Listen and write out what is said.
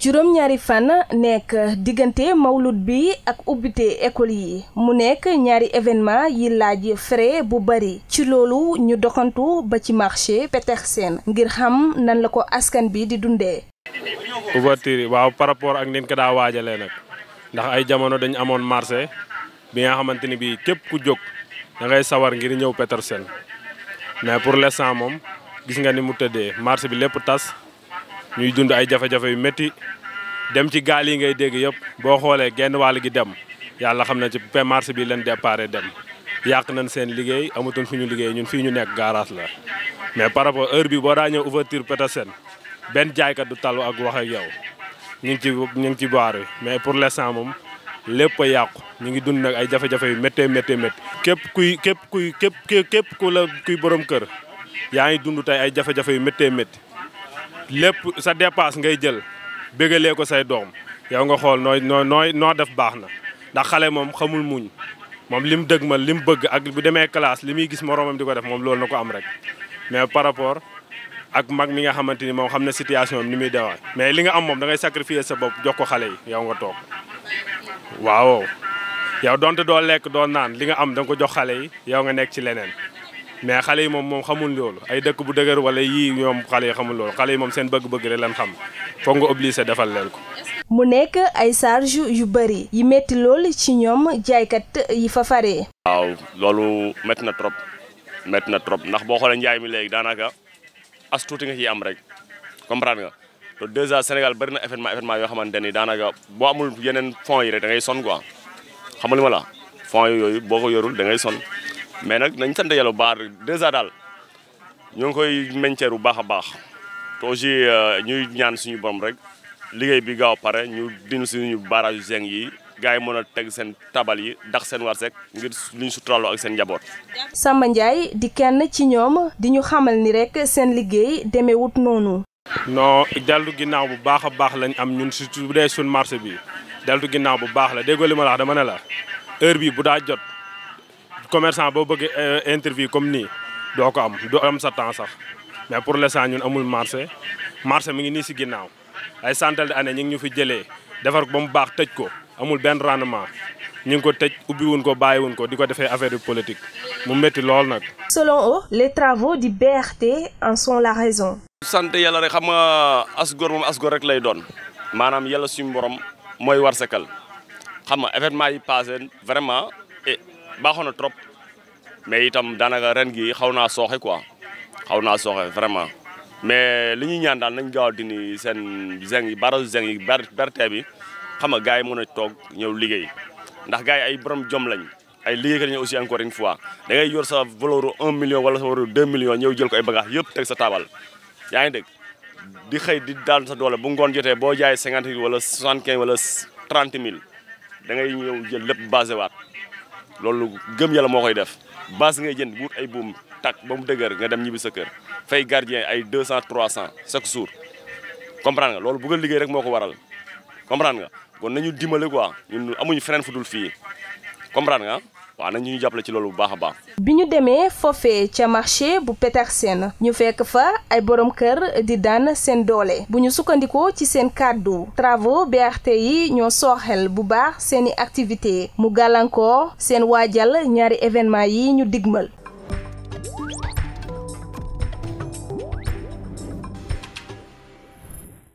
juróom-ñaari fan nekk diggante mawlud bi ak ubbite école yi mu nekk ñaari événement yi laaj frais bu bari ci loolu ñu doxantu ba ci marché Petersen ngir xam nan la ko askan bi di dundee ouverture yi waaw par rapport ak nin daa waajale nag ndax ay jamono dañ amoon marché bi nga xamante ni bii képp ku jóg da sawar ngir ñëw Petersen mais pour l'instant moom gis nga ni mu tëddee marché bi lépp tas ñuy dund ay jafe-jafe yu métti dem ci gaal yi ngay dégg yëpp boo xoolee genn wàll gi dem yàlla xam na ci marché bi leen déparé dem yàq nañ seen liggéey amatuñ fu ñu liggéey ñun fii ñu nekk garage la mais par rapport heure bi boo daa ñëw ouverture Petersen benn jaaykat du talu ak wax ak yow ñu ngi ci ñu ngi ci baar bi mais pour l'instant moom lépp yàqu ñu ngi dund nag ay jafe-jafe yu méttee méttee métti képp kuy képp kuy képp képp ku la kuy borom kër yaa ngi dund tey ay jafe yu méttee métti lépp sa dépasse ngay jël béggalee ko say doom yow nga xool nooy noo nooy noo def baax na ndax xale moom xamul muñ moom li mu dëgg ma li mu bëgg ak bu demee classe li muy gis moroomam di ko def moom loolu na ko am rek mais par rapport ak mag mi nga xamante ni moom xam ne situation am ni muy dewaay mais li nga am moom dangay ngay sacrifier sa bopp jox ko xale yi yow nga toog waaw yow donte doo lekk doo naan li nga am da ko jox xale yi yow nga nekk ci leneen mais xale yi moom moom xamul loolu ay dëkk bu dëgër wala yii ñoom xale yi xamul loolu xale yi moom seen bëgg-bëgg rek lañ xam foog nga obligé defal leen ko. mu nekk ay charge yu bëri yi métti lool ci ñoom jaaykat yi fa faree. waaw loolu métti na trop métti na trop ndax boo xoolee njaay mi léegi daanaka as tuuti nga ciy am rek comprendre nga. te déjà Sénégal bari na événement événement yoo xamante ni daanaka boo amul yeneen fonds yi rek da ngay son quoi xam la fonds yooyu boo ko yorul da son mais nag nañ sant yàlla bu baax déjà daal ñoo ngi koy menceer bu baax a baax te aussi euh, ñuy ñaan suñu borom rek liggéey bi gaaw pare ñu dindi suñu barrage zeng yi gars yi mën a teg seen tabal yi dax seen warsek ngir luñ suturaloo ak seen njaboot. Samba Ndiaye di kenn ci ñoom di ñu xamal ni rek seen liggéey demewut noonu. non dellu ginnaaw bu baax a baax lañ am ñun surtout bu dee suñ marché bi dellu ginnaaw bu baax la déggoo li ma la wax dama ne la heure bi bu daa jot commerçant boo bëgg euh, interview comme nii doo ko am doo am sa temps sax mais pour l'instant ñun amul marché marché mi ngi nii si ginnaaw ay santal d'années ñu ngi ñu fi jëlee defar ba mu baax tëj ko amul benn rendement ñu ngi ko tëj ubbi wuñ ko bàyyi wuñ ko di ko defee affaire politique mu métti lool nag. selon eux les travaux du BRT en sont la raison. sant yàlla rek xam nga as góor moom as rek lay doon maanaam yàlla suñu borom mooy war sekal xam nga événement yi passé vraiment eh baaxoon na trop mais itam daanaka ren gi xaw naa sooxe quoi xaw naa sooxe vraiment. mais li ñuy ñaan daal nañ gaaw dini seen zeng yi barrage zeng yi berte bi xam nga gars yi mën a toog ñëw liggéey. ndax gars yi ay borom jom lañ ay liggéeykat lañ aussi encore une fois da ngay sa valeur un million wala sa valeur deux millions ñëw jël ko ay bagage yëpp teg sa taabal yaa ngi dégg di xëy di daal sa doole bu ngoon jotee boo jaayee cinquante mille wala soixante quinze wala trente mille da ngay ñëw jël lépp basé waat loolu gëm yalla moo koy def base ngay jënd wut ay buum takk ba mu dëgër nga dem ñibbi sa kër fay gardien ay 200 300 chaque jour comprendre nga loolu bëgg a liggéey rek moo ko waral kon nañu dimbale quoi ñun amuñu feneen fu dul fii comprendre nga waaw nañu ñu jàppale ci loolu bu baax bi ñu demee foofee ca marché bu Petersen ñu fekk fa ay borom kër di daan seen doole bu ñu sukkandikoo ci seen kàddu travaux BRT yi ñoo sooxel bu baax seeni activité mu gàllankoor seen waajal ñaari événement yi ñu digmal.